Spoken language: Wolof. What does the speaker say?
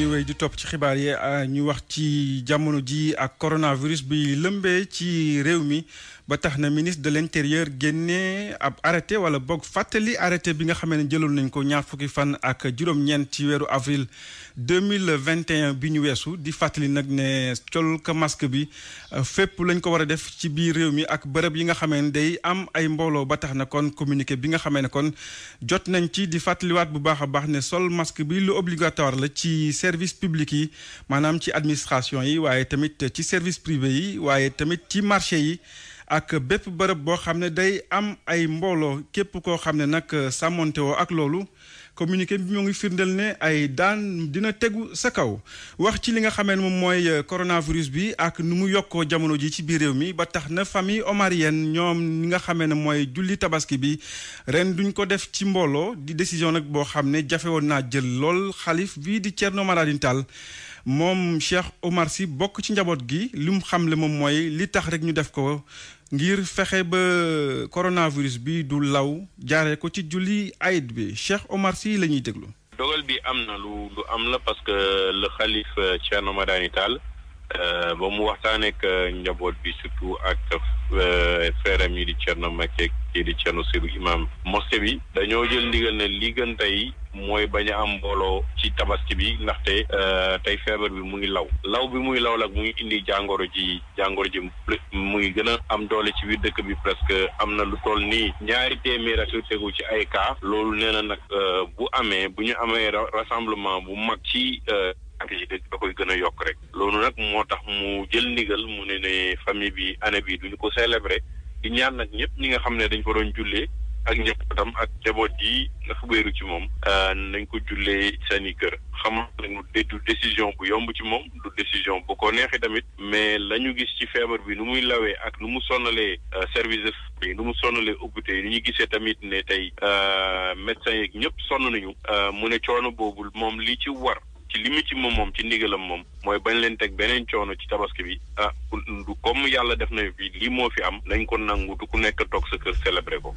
ñuy wéy di topp ci xibaar yi ah, ñu wax ci jamono ji ak coronavirus bi lëmbee ci réew mi ba tax na ministre de l'intérieur génnee ab arrêté wala boog fàttali arrêté bi nga xamee ne jëloon nañ ko ñaar fukki fan ak juróom-ñeent ci weeru avril 2021 bi ñu weesu di fàttali nag ne col ka masque bi ah, fépp lañ ko war a def ci biir réew mi ak bërëb yi nga xamee ne day am ay mbooloo ba tax na kon communiqué bi nga xamee ne kon jot nañ ci di fàttaliwaat bu baax a baax ne sol masque bi lu obligatoire la ci service public yi maanaam ci administration yi waaye tamit ci service privé yi waaye tamit ci marché yi ak bépp bërëb boo xam ne day am ay mbooloo képp koo xam ne nag euh, sàmmonte ak loolu communiqué bi mu ngi firndeel ne ay daan dina tegu sa kaw wax ci li nga xamee ne moom mooy euh, coronavirus bi ak nu mu yokkoo jamono ji ci biir réew mi ba tax na famille omarienne ñoom ñi nga xamee ne mooy julli tabaski bi ren duñ ko def ci mbooloo di décision nag boo xam ne jafe woon naa jël lool xalif bii di Thierno Madani Tall moom Cheikh Omar Sy bokk ci njaboot gi li mu xamle moom mooy li tax rek ñu def ko ngir fexe ba coronavirus bi du law jaaree ko ci julli ayit bi Cheikh Omar Sy la ñuy déglu. dogal bi am na lu lu am la parce que le xalif Thierno Madani Tall Euh, ba mu waxtaanee ak euh, njaboot bi surtout ak euh, frère am yi di Thierno Macky kii di Thierno Seydou Imam mosquée bi dañoo jël ndigal ne li gën tey mooy bañ a am mbooloo ci tabaski bi ndaxte tey feebar bi mu ngi law law bi muy law nag mu ngi indi jàngoro ji jàngoro ji mu gën a am doole ci biir dëkk bi presque am na lu toll nii ñaari téeméer ak lu tegu ci ay cas loolu nee na nag bu amee bu ñu amee rassemblement bu mag ci ci dëkk koy gën a yokk rek loolu nag moo tax mu jël ndigal mu ne ne famille bi année bi ñu ko célébrer di ñaan nag ñëpp ñi nga xam ne dañ ko doon jullee ak njabootam ak njaboot yi nga xubéeru ci moom euh, nañ ko jullee seeni kër xam ne du décision bu yomb ci moom du décision bu ko neexee tamit mais la ñu gis ci feebar bi nu muy lawee ak nu mu sonnalee euh, service de santé nu mu sonalee hôpital yi ni ñu gisee tamit ne tey euh, médecins yeeg ñëpp sonn nañu mu ne coono boobul moom li ci war ci li mu ci moom moom ci ndigalam moom mooy bañ leen teg beneen coono ci tabaski bi ah du comme yàlla def na fi lii moo fi am nañ ko nangu du ku nekk toog sa kër célébré ko.